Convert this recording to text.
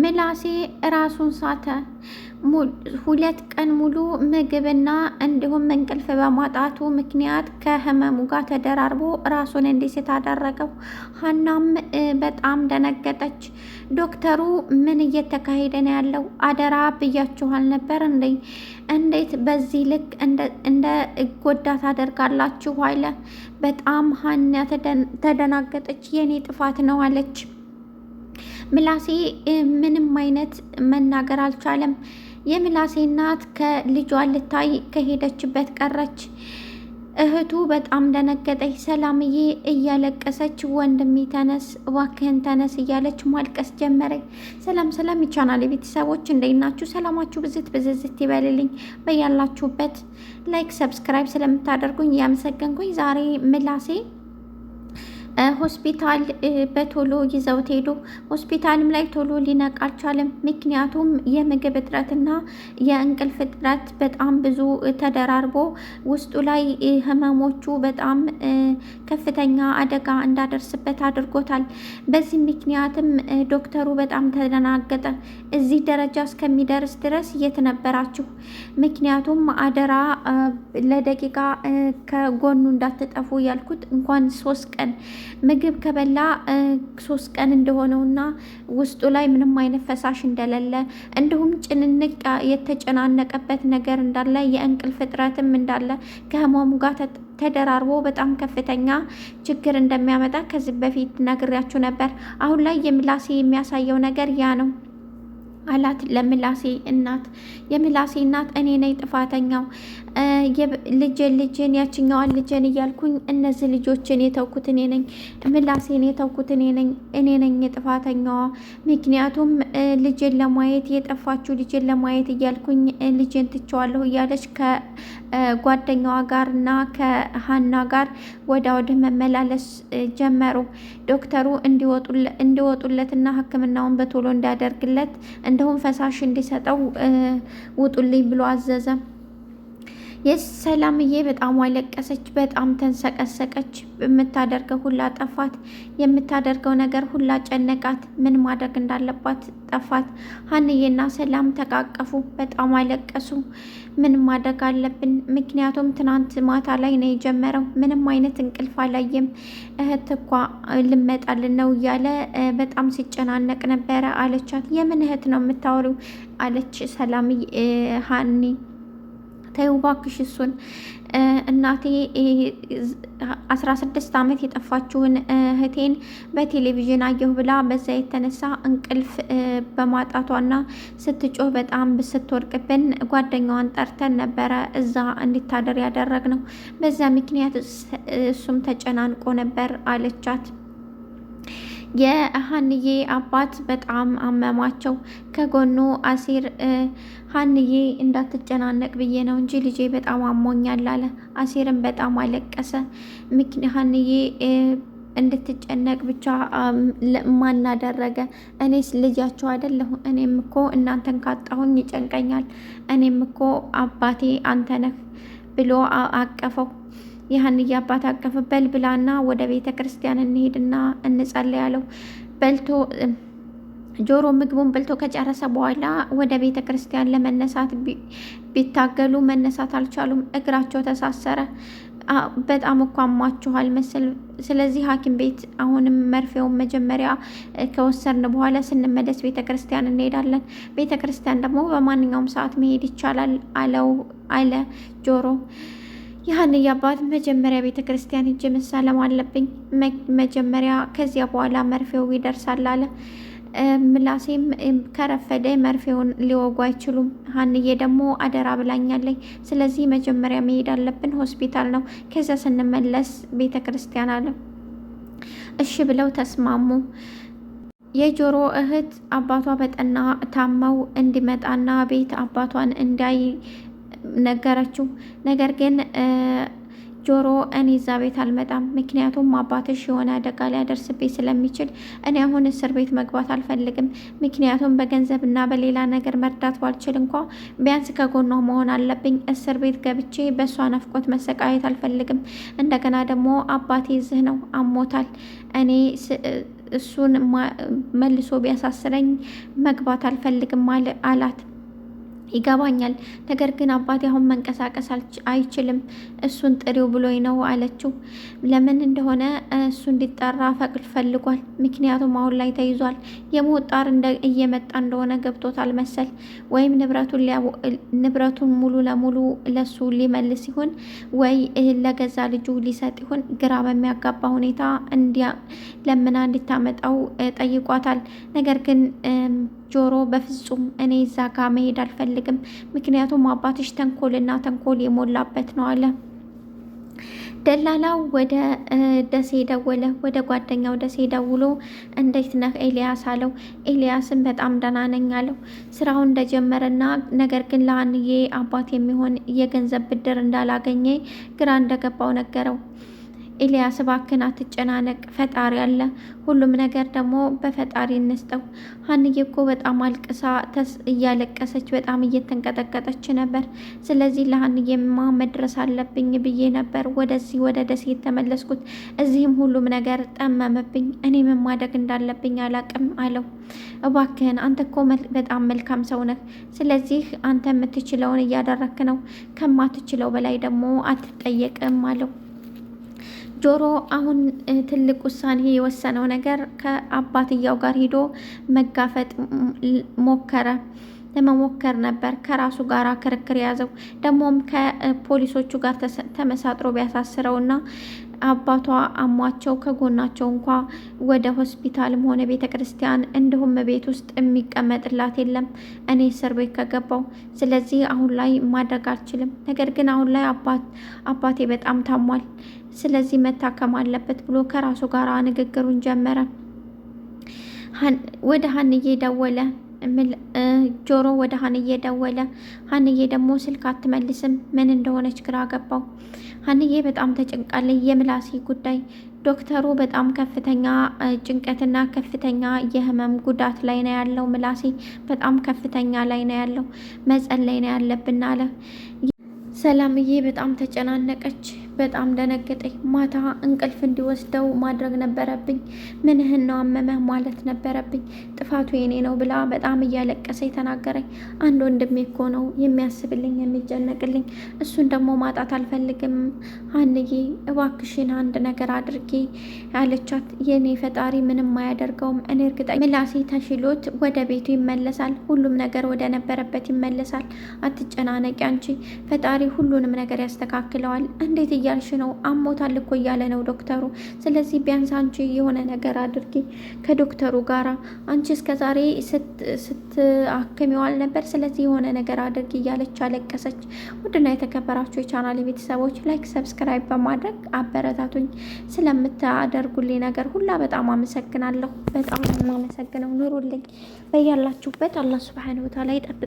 ምላሴ ራሱን ሳተ። ሁለት ቀን ሙሉ ምግብና እንዲሁም እንቅልፍ በማጣቱ ምክንያት ከህመሙ ጋር ተደራርቦ ራሱን እንዲስት አደረገው። ሀናም በጣም ደነገጠች። ዶክተሩ ምን እየተካሄደ ነው ያለው? አደራ ብያችኋል ነበር እንዴ? እንዴት በዚህ ልክ እንደ ጎዳ ታደርጋላችሁ? አለ። በጣም ሀና ተደናገጠች። የኔ ጥፋት ነው አለች። ምላሴ ምንም አይነት መናገር አልቻለም። የምላሴ እናት ከልጇ ልታይ ከሄደችበት ቀረች። እህቱ በጣም ደነገጠች። ሰላምዬ እያለቀሰች ወንድሜ ተነስ፣ እባክህን ተነስ እያለች ማልቀስ ጀመረኝ። ሰላም ሰላም፣ ይቻናል ቤተሰቦች እንዴት ናችሁ? ሰላማችሁ ብዝት ብዝዝት ይበልልኝ። በያላችሁበት ላይክ፣ ሰብስክራይብ ስለምታደርጉኝ እያመሰገንኩኝ ዛሬ ምላሴ ሆስፒታል በቶሎ ይዘውት ሄዱ። ሆስፒታልም ላይ ቶሎ ሊነቃ አልቻለም። ምክንያቱም የምግብ እጥረትና የእንቅልፍ እጥረት በጣም ብዙ ተደራርቦ ውስጡ ላይ ህመሞቹ በጣም ከፍተኛ አደጋ እንዳደርስበት አድርጎታል። በዚህ ምክንያትም ዶክተሩ በጣም ተደናገጠ። እዚህ ደረጃ እስከሚደርስ ድረስ የት ነበራችሁ? ምክንያቱም አደራ ለደቂቃ ከጎኑ እንዳትጠፉ ያልኩት እንኳን ሶስት ቀን ምግብ ከበላ ሶስት ቀን እንደሆነውና ውስጡ ላይ ምንም አይነት ፈሳሽ እንደሌለ እንዲሁም ጭንንቅ የተጨናነቀበት ነገር እንዳለ የእንቅልፍ እጥረትም እንዳለ ከህመሙ ጋር ተደራርቦ በጣም ከፍተኛ ችግር እንደሚያመጣ ከዚህ በፊት ነግሬያችሁ ነበር። አሁን ላይ የምላሴ የሚያሳየው ነገር ያ ነው። አላት ለምላሴ እናት። የምላሴ እናት እኔ ነኝ ጥፋተኛው ልጄን ልጄን ያችኛዋን ልጄን እያልኩኝ እነዚህ ልጆችን የተውኩት እኔ ነኝ፣ ምላሴን የተውኩት እኔ ነኝ፣ እኔ ነኝ የጥፋተኛዋ። ምክንያቱም ልጄን ለማየት የጠፋችሁ ልጄን ለማየት እያልኩኝ ልጄን ትቸዋለሁ እያለች ጓደኛዋ ጋር እና ከሀና ጋር ወደ ወደ መመላለስ ጀመሩ። ዶክተሩ እንዲወጡለትና ሕክምናውን በቶሎ እንዲያደርግለት እንደውም ፈሳሽ እንዲሰጠው ውጡልኝ ብሎ አዘዘ። የሰላምዬ በጣም አለቀሰች፣ በጣም ተንሰቀሰቀች። የምታደርገው ሁላ ጠፋት፣ የምታደርገው ነገር ሁላ ጨነቃት። ምን ማድረግ እንዳለባት ጠፋት። ሀንዬና ሰላም ተቃቀፉ፣ በጣም አለቀሱ። ምን ማድረግ አለብን? ምክንያቱም ትናንት ማታ ላይ ነው የጀመረው። ምንም አይነት እንቅልፍ አላየም። እህት እኳ ልመጣልን ነው እያለ በጣም ሲጨናነቅ ነበረ አለቻት። የምን እህት ነው የምታወሪው? አለች ሰላም ሀኒ ተይው እባክሽ እሱን እናቴ አስራ ስድስት ዓመት የጠፋችውን እህቴን በቴሌቪዥን አየሁ ብላ በዛ የተነሳ እንቅልፍ በማጣቷና ስትጮህ በጣም ስትወድቅብን ጓደኛዋን ጠርተን ነበረ እዛ እንዲታደር ያደረግ ነው። በዛ ምክንያት እሱም ተጨናንቆ ነበር አለቻት። የሀንዬ አባት በጣም አመማቸው ከጎኑ አሲር ሀንዬ እንዳትጨናነቅ ብዬ ነው እንጂ ልጄ በጣም አሞኛል አለ። አሲርም በጣም አለቀሰ። ሀንዬ እንድትጨነቅ ብቻ ማን አደረገ? እኔስ ልጃቸው አይደለሁ? እኔም እኮ እናንተን ካጣሁኝ ይጨንቀኛል። እኔም እኮ አባቴ አንተ ነህ ብሎ አቀፈው። የሀንዬ አባት አቀፍ በል ብላና ወደ ቤተ ክርስቲያን እንሄድና እንጸልይ ያለው በልቶ ጆሮ ምግቡን በልቶ ከጨረሰ በኋላ ወደ ቤተ ክርስቲያን ለመነሳት ቢታገሉ መነሳት አልቻሉም። እግራቸው ተሳሰረ። በጣም እኮ አሟችኋል ስለዚህ ሐኪም ቤት አሁንም መርፌውን መጀመሪያ ከወሰድን በኋላ ስንመለስ ቤተ ክርስቲያን እንሄዳለን። ቤተ ክርስቲያን ደግሞ በማንኛውም ሰዓት መሄድ ይቻላል አለው አለ ጆሮ የሀንዬ አባት መጀመሪያ ቤተ ክርስቲያን ሂጅ መሳለም አለብኝ፣ መጀመሪያ ከዚያ በኋላ መርፌው ይደርሳል አለ። ምላሴም ከረፈደ መርፌውን ሊወጉ አይችሉም። ሀንዬ ደግሞ አደራ ብላኛለኝ። ስለዚህ መጀመሪያ መሄድ አለብን፣ ሆስፒታል ነው። ከዚያ ስንመለስ ቤተ ክርስቲያን አለ። እሺ ብለው ተስማሙ። የጆሮ እህት አባቷ በጠና ታመው እንዲመጣና ቤት አባቷን እንዳይ ነገረችው። ነገር ግን ጆሮ እኔ እዛ ቤት አልመጣም፣ ምክንያቱም አባትሽ የሆነ አደጋ ሊያደርስብኝ ስለሚችል እኔ አሁን እስር ቤት መግባት አልፈልግም። ምክንያቱም በገንዘብ እና በሌላ ነገር መርዳት ባልችል እንኳ ቢያንስ ከጎኗ መሆን አለብኝ። እስር ቤት ገብቼ በእሷ ናፍቆት መሰቃየት አልፈልግም። እንደገና ደግሞ አባቴ እዚህ ነው፣ አሞታል። እኔ እሱን መልሶ ቢያሳስረኝ መግባት አልፈልግም አላት። ይገባኛል። ነገር ግን አባቴ አሁን መንቀሳቀስ አይችልም፣ እሱን ጥሪው ብሎኝ ነው አለችው። ለምን እንደሆነ እሱ እንዲጠራ ፈቅድ ፈልጓል። ምክንያቱም አሁን ላይ ተይዟል። የሞጣር እየመጣ እንደሆነ ገብቶታል መሰል ወይም ንብረቱን ሙሉ ለሙሉ ለሱ ሊመልስ ይሆን ወይ ለገዛ ልጁ ሊሰጥ ይሆን? ግራ በሚያጋባ ሁኔታ ለምና እንድታመጣው ጠይቋታል። ነገር ግን ጆሮ በፍጹም እኔ እዛ ጋ መሄድ አልፈልግም፣ ምክንያቱም አባትሽ ተንኮልና ተንኮል የሞላበት ነው አለ። ደላላው ወደ ደሴ ደወለ። ወደ ጓደኛው ደሴ ደውሎ እንዴት ነህ ኤልያስ አለው። ኤልያስን በጣም ደህና ነኝ አለው። ስራውን እንደጀመረና ነገር ግን ለአንዬ አባት የሚሆን የገንዘብ ብድር እንዳላገኘ ግራ እንደገባው ነገረው። ኤልያስ እባክን አትጨናነቅ፣ ፈጣሪ አለ። ሁሉም ነገር ደግሞ በፈጣሪ እንስጠው። ሀንዬ እኮ በጣም አልቅሳ እያለቀሰች በጣም እየተንቀጠቀጠች ነበር። ስለዚህ ለሀንዬማ መድረስ አለብኝ ብዬ ነበር ወደዚህ ወደ ደሴ የተመለስኩት። እዚህም ሁሉም ነገር ጠመመብኝ። እኔ ምን ማደግ እንዳለብኝ አላቅም አለው። እባክህን አንተ እኮ በጣም መልካም ሰው ነህ። ስለዚህ አንተ የምትችለውን እያደረክ ነው። ከማትችለው በላይ ደግሞ አትጠየቅም አለው። ጆሮ አሁን ትልቅ ውሳኔ የወሰነው ነገር ከአባትያው ጋር ሂዶ መጋፈጥ ሞከረ ለመሞከር ነበር። ከራሱ ጋር ክርክር የያዘው ደግሞም ከፖሊሶቹ ጋር ተመሳጥሮ ቢያሳስረውና አባቷ አሟቸው ከጎናቸው እንኳ ወደ ሆስፒታልም ሆነ ቤተ ክርስቲያን እንዲሁም ቤት ውስጥ የሚቀመጥላት የለም እኔ እስር ቤት ከገባው። ስለዚህ አሁን ላይ ማድረግ አልችልም። ነገር ግን አሁን ላይ አባቴ በጣም ታሟል፣ ስለዚህ መታከም አለበት ብሎ ከራሱ ጋር ንግግሩን ጀመረ። ወደ ሀንዬ ደወለ። ጆሮ ወደ ሀንዬ ደወለ። ሀንዬ ደግሞ ስልክ አትመልስም። ምን እንደሆነች ግራ ገባው። ሀንዬ በጣም ተጨንቃለች። የምላሴ ጉዳይ ዶክተሩ በጣም ከፍተኛ ጭንቀትና ከፍተኛ የህመም ጉዳት ላይ ነው ያለው። ምላሴ በጣም ከፍተኛ ላይ ነው ያለው። መጸለይ ነው ያለብን አለ። ሰላምዬ በጣም ተጨናነቀች። በጣም ደነገጠኝ። ማታ እንቅልፍ እንዲወስደው ማድረግ ነበረብኝ። ምንህን ነው አመመህ ማለት ነበረብኝ። ጥፋቱ የኔ ነው ብላ በጣም እያለቀሰ የተናገረኝ አንድ ወንድሜ እኮ ነው የሚያስብልኝ የሚጨነቅልኝ። እሱን ደግሞ ማጣት አልፈልግም። አንዬ እባክሽን አንድ ነገር አድርጌ ያለቻት የኔ ፈጣሪ ምንም አያደርገውም። እኔ እርግጠ ምላሴ ተሽሎት ወደ ቤቱ ይመለሳል። ሁሉም ነገር ወደ ነበረበት ይመለሳል። አትጨናነቂ አንቺ። ፈጣሪ ሁሉንም ነገር ያስተካክለዋል። እንዴት እያ እያልሽ ነው? አሞታል እኮ እያለ ነው ዶክተሩ። ስለዚህ ቢያንስ አንቺ የሆነ ነገር አድርጊ ከዶክተሩ ጋራ። አንቺ እስከ ዛሬ ስትአክሚዋል ነበር። ስለዚህ የሆነ ነገር አድርጊ እያለች አለቀሰች። ውድና የተከበራችሁ የቻናል ቤተሰቦች ላይክ፣ ሰብስክራይብ በማድረግ አበረታቱኝ። ስለምታደርጉልኝ ነገር ሁላ በጣም አመሰግናለሁ። በጣም አመሰግነው። ኑሩልኝ። በያላችሁበት አላህ ሱብሐነሁ ወተዓላ ይጠብቅ።